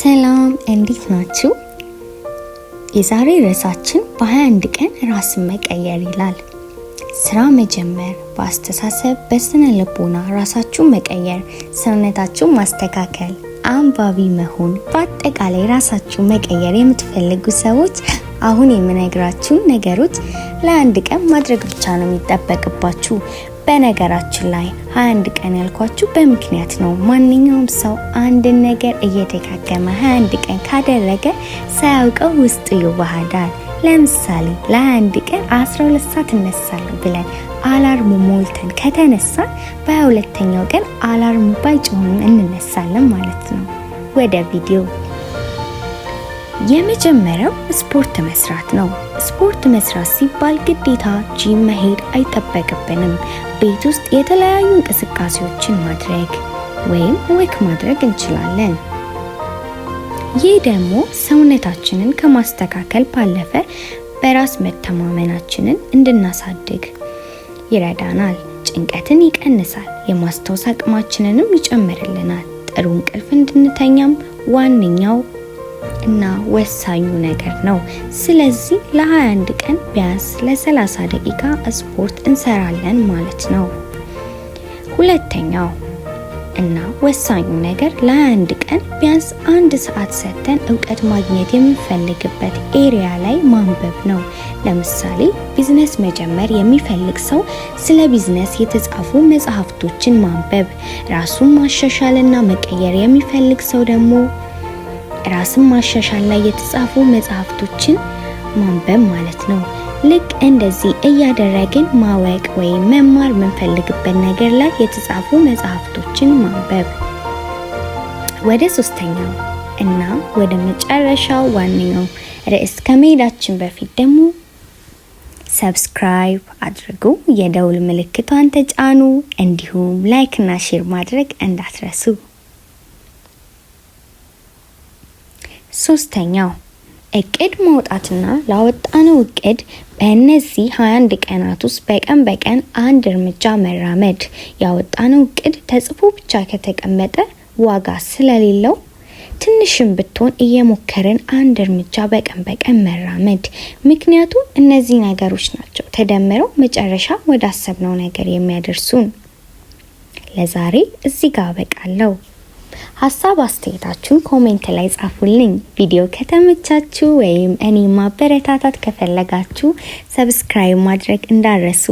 ሰላም እንዴት ናችሁ? የዛሬ ርዕሳችን በ21 ቀን ራስን መቀየር ይላል። ስራ መጀመር፣ በአስተሳሰብ በስነ ልቦና ራሳችሁን መቀየር፣ ሰውነታችሁን ማስተካከል፣ አንባቢ መሆን፣ በአጠቃላይ ራሳችሁን መቀየር የምትፈልጉ ሰዎች አሁን የምነግራችሁን ነገሮች ለአንድ ቀን ማድረግ ብቻ ነው የሚጠበቅባችሁ። በነገራችን ላይ 21 ቀን ያልኳችሁ በምክንያት ነው። ማንኛውም ሰው አንድን ነገር እየደጋገመ 21 ቀን ካደረገ ሳያውቀው ውስጡ ይዋሃዳል። ለምሳሌ ለ21 ቀን 12 ሰዓት እነሳለሁ ብለን አላርሙ ሞልተን ከተነሳን በ 2 ኛው ቀን አላርሙ ባይጮህም እንነሳለን ማለት ነው። ወደ ቪዲዮ የመጀመሪያው ስፖርት መስራት ነው። ስፖርት መስራት ሲባል ግዴታ ጂም መሄድ አይጠበቅብንም። ቤት ውስጥ የተለያዩ እንቅስቃሴዎችን ማድረግ ወይም ወክ ማድረግ እንችላለን። ይህ ደግሞ ሰውነታችንን ከማስተካከል ባለፈ በራስ መተማመናችንን እንድናሳድግ ይረዳናል። ጭንቀትን ይቀንሳል፣ የማስታወስ አቅማችንንም ይጨምርልናል። ጥሩ እንቅልፍ እንድንተኛም ዋነኛው እና ወሳኙ ነገር ነው። ስለዚህ ለ21 ቀን ቢያንስ ለ30 ደቂቃ ስፖርት እንሰራለን ማለት ነው። ሁለተኛው እና ወሳኙ ነገር ለ21 ቀን ቢያንስ አንድ ሰዓት ሰጥተን እውቀት ማግኘት የምንፈልግበት ኤሪያ ላይ ማንበብ ነው። ለምሳሌ ቢዝነስ መጀመር የሚፈልግ ሰው ስለ ቢዝነስ የተጻፉ መጽሐፍቶችን ማንበብ፣ ራሱን ማሻሻልና መቀየር የሚፈልግ ሰው ደግሞ ራስን ማሻሻል ላይ የተጻፉ መጽሐፍቶችን ማንበብ ማለት ነው። ልክ እንደዚህ እያደረግን ማወቅ ወይም መማር የምንፈልግበት ነገር ላይ የተጻፉ መጽሐፍቶችን ማንበብ። ወደ ሶስተኛው እና ወደ መጨረሻው ዋነኛው ርዕስ ከመሄዳችን በፊት ደግሞ ሰብስክራይብ አድርጉ፣ የደውል ምልክቷን ተጫኑ፣ እንዲሁም እና ሼር ማድረግ እንዳትረሱ። ሶስተኛው እቅድ ማውጣትና ላወጣነው እቅድ በእነዚህ 21 ቀናት ውስጥ በቀን በቀን አንድ እርምጃ መራመድ። ያወጣነው እቅድ ተጽፎ ብቻ ከተቀመጠ ዋጋ ስለሌለው ትንሽም ብትሆን እየሞከርን አንድ እርምጃ በቀን በቀን መራመድ። ምክንያቱም እነዚህ ነገሮች ናቸው ተደምረው መጨረሻ ወደ ነገር የሚያደርሱን። ለዛሬ እዚህ ጋር አበቃለሁ። ሀሳብ አስተያየታችሁን ኮሜንት ላይ ጻፉልኝ። ቪዲዮ ከተመቻችሁ ወይም እኔ ማበረታታት ከፈለጋችሁ ሰብስክራይብ ማድረግ እንዳረሱ።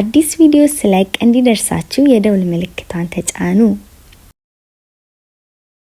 አዲስ ቪዲዮ ስለቅ እንዲደርሳችሁ የደውል ምልክቷን ተጫኑ።